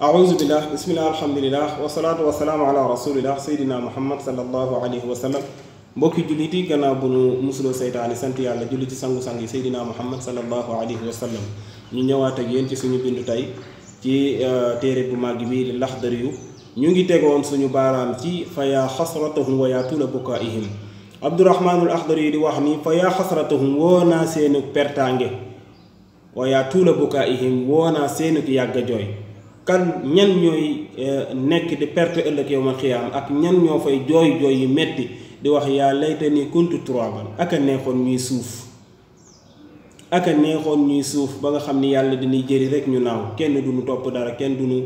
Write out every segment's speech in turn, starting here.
أعوذ بالله بسم الله الحمد لله wasalaatu wasalaam ala rasulillah seydina muhammad sallallahu alayhi wa sallam mbokki jullit yi gannaaw bu nu musuloo seytaane sant yàlla julli ci sangu-sang yi seydina muhammad sallallahu alayhi wa sallam ñu ñëwaat ak yéen ci suñu bindu tey ci téere bu màgg bii di laxdari yu ñu ngi tegoon suñu baaraam ci fa yaa xasratahum wa yaa tuula bukaa'ihim abdurahmaanul axdari di wax ni fa yaa xasratahum woo naa seenu pertaange wa yaa tuula bukaa'ihim woo naa seenuk yàgg jooy kan ñan ñooy euh, nekk di perte ëllëg yow ma xiyaam ak ñan ñoo fay jooy jooy yu metti di wax yaa layta ni kuntu ak aka neexoon ñuy suuf aka neexoon ñuy suuf ba nga xam ni yàlla dañuy jëri rek ñu naaw kenn du ñu topp dara kenn du ñu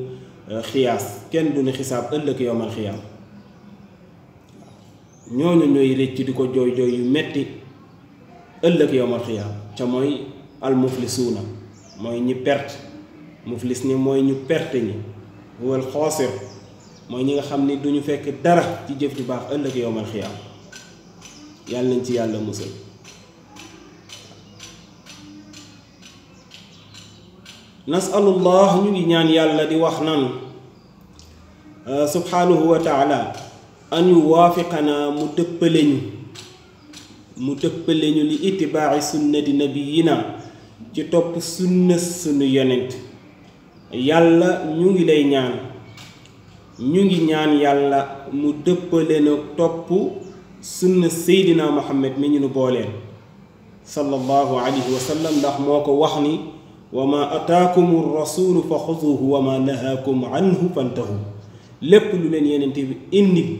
euh, xiyaas kenn du ñu xisaab ëllëg yow ma xiyaam ñooñu ñooy rëcc di ko jooy jooy yu metti ëllëg yow ma xiyaam ca mooy almuflisuuna mooy ñi perte مفلس ني موي ني بيرت ني هو الخاسر موي نيغا خامني دونيو فيك دارا تي جيف دي باخ اولك يوم الخيام يال نتي يالا موسل نسال الله ني نيان يالا دي واخ سبحانه وتعالى ان يوافقنا مدبلني mu tëppale ñu li itibaa sunna di nabiyina ci yàlla ñu ngi lay ñaan ñu ngi ñaan yàlla mu dëppale na topp sunna seydina muhammad mi ñu nu booleen sallallahu alayhi wa ndax moo ko wax ni wa ma ataakum rasulu fa xuduhu wa ma nahaakum anhu fantahu lépp lu leen yenente bi indi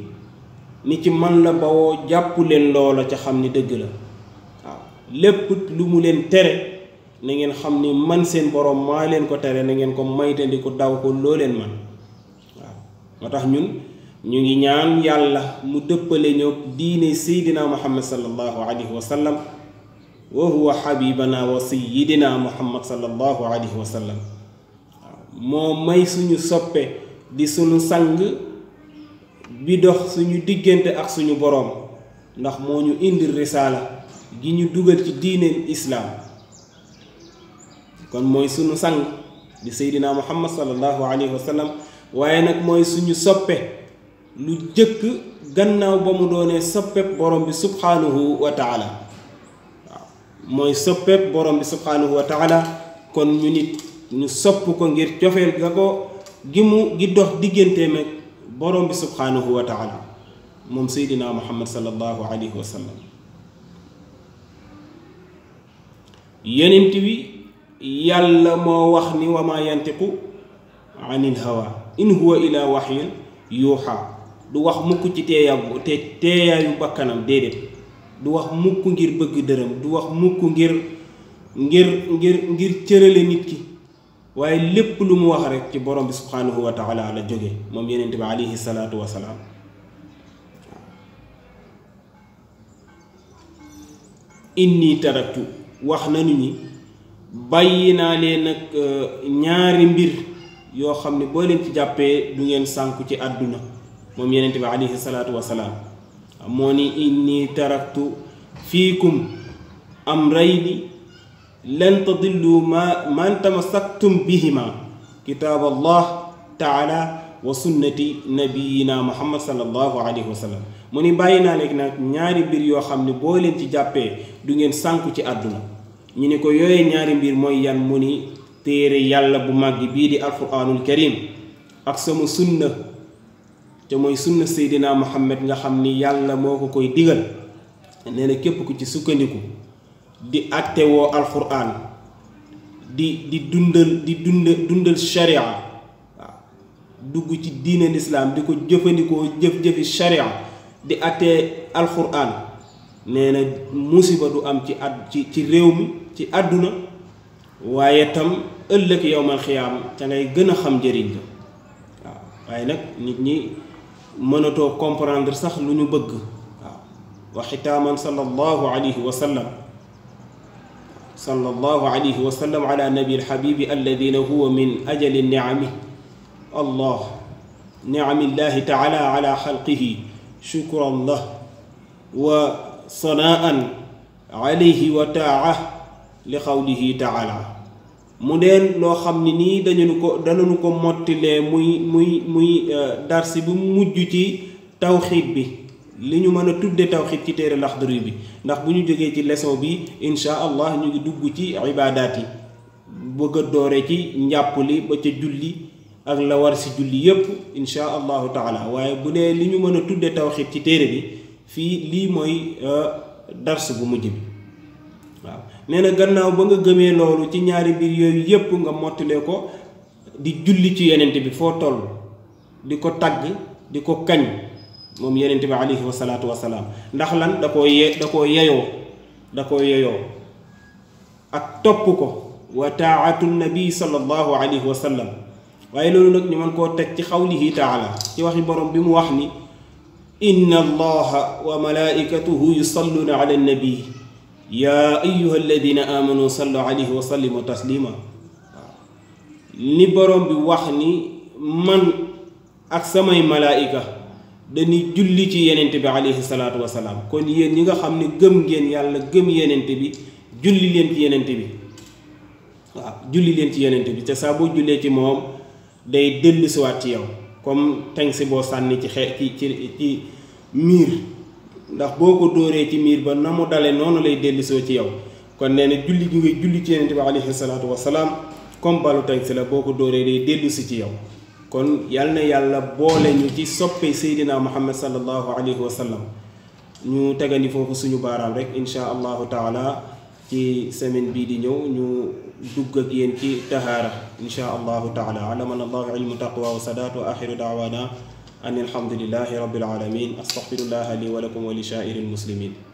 ni ci man la bawoo jàpp leen loola ca xam ni dëgg la waaw lépp lu mu leen tere nangeen xam ni man seen boroom maa leen ko tere na ngeen ko maytandiku daw ko loo leen man waaw moo tax ñun ñu ngi ñaan yàlla mu dëppale ñoo diine seydina muhammad sallallahu alayhi wa sallam wa huwa xabibana wa sayidina muhammad sallallahu alayhi wa sallam waaw moo may suñu soppee di suñu sang bi dox suñu diggante ak suñu boroom ndax moo ñu indi risaala gi ñu dugal ci diineen islaam kon mooy suñu sang di seydina muhammad sallallahu alayhi wa sallam waaye nag mooy suñu soppe lu jëkk gannaaw ba mu doonee soppeb borom bi subhanahu wa mooy soppeb borom bi subhanahu wa kon ñu nit ñu sopp ko ngir cofeel ga ko gi mu gi dox bi subhanahu wa moom seydina muhammad sallallahu alayhi wa sallam yenent wi yàlla moo wax ni wa ma yantiqu anil hawa in huwa ila yuuxa du wax mukk ci teeyaa te teeyaayu bakkanam déedéet du wax mukk ngir bëgg dërëm du wax mukk ngir ngir ngir cërale nit ki waaye lépp lu mu wax rek ci borom bi subhanahu wa taala la jóge moom yenent bi alayhi salaatu wasalaam inni taraktu wax nañu ñi bàyyi naa leen nag euh, ñaari mbir yoo xam ne boo leen ci jàppee du ngeen sànku ci àdduna moom yenente bi alayhi salaatu wasalaam moo ni inni taraktu fiikum amrayni lan tadillu ma man tamassaktum bihima kitaab allah taala wa sunnati nabiyina muhammad sallallahu alayhi wa sallam mu ni bàyyi naa leen nag ñaari mbir yoo xam ne boo leen ci jàppee du ngeen sànku ci àdduna ñu ne ko yooyee ñaari mbir mooy yan mu ni téere yàlla bu màgg bii di alquranul karim ak sama sunna te mooy sunna seydina muhammad nga xam ni yàlla moo ko koy digal nee na képp ku ci sukkandiku di àttewoo alquran di di dundal di dund dundal sharia waaw dugg ci diine lislaam di ko jëfandikoo jëf-jëfi sharia di àttee alquran nee na musiba du am ci at ci ci réew mi ci aduna waye tam ëllëg yowmal xiyaam ca ngay gën a xam jëriñ la waaw waaye nag nit ñi mënatoo comprendre sax lu ñu bëgg waaw wa xitaaman sallallahu alayhi wa sallam sallallahu alayhi wa sallam ala nabi alxabibi alladina huwa min ajali niami allah niami illahi taala ala xalqihi shukran lah wa sanaan alayhi wa li xawlihi taala mu deen loo xam ne nii dañu ko danañu ko mottilee muy muy muy darsi bu mujj ci tawxiid bi li ñu mën a tudde tawxiid ci téere laxdari bi ndax bu ñu jógee ci leçon bi insha allah ñu ngi dugg ci ibaadaat yi bëgg a doore ci njàpp li ba ca julli ak la war si julli yépp insha allahu taala waaye bu dee li ñu mën a tudde tawxiid ci téere bi fii lii mooy dars bu mujj bi waaw nee na gannaaw ba nga gëmee loolu ci ñaari mbir yooyu yépp nga mottale ko di julli ci yenente bi foo toll di ko tagg di ko kañ moom yenente bi alayhi wasalaatu wasalaam ndax lan da koo ye da koo yeyoo da koo yeyoo ak topp ko wa taatu nabi sallallahu alayhi wa sallam waaye loolu nag ñu mën koo teg ci xawlihi taala ci waxi borom bi mu wax ni inna allaha wa malaikatuhu yusalluna ala nabi يا أيها الذين آمنوا صلوا عليه وسلموا تسليما li borom bi wax ni man ak samay malaayika dañuy julli ci yenent bi alayhi salaatu wasalaam kon yéen ñi nga xam ne gëm ngeen yàlla gëm yenent bi julli leen ci yenent bi waaw julli leen ci yenent bi te saa boo jullee ci moom day dellusiwaat ci yow comme teng si boo sànni ci xe ci ci ci miir ndax boko doore ci mir ba namu dale nonu lay dellisoo ci yow kon néna julli gi ngay julli ci yonente bi alayhi salatu wassalam comme balu tay ci la boko doore dóoree day dellusi ci yow kon yalna yàlla boole ñu ci soppe sayidina muhammad sallallahu alayhi wasallam ñu tegandi fofu suñu baaraam rek insha allah taala ci semaine bi di ñëw ñu dugg ak yéen ci tahara insha allah taala alamana allah ilmu taqwa wa sadatu akhiru da'wana أن الحمد لله رب العالمين أستغفر الله لي ولكم ولسائر المسلمين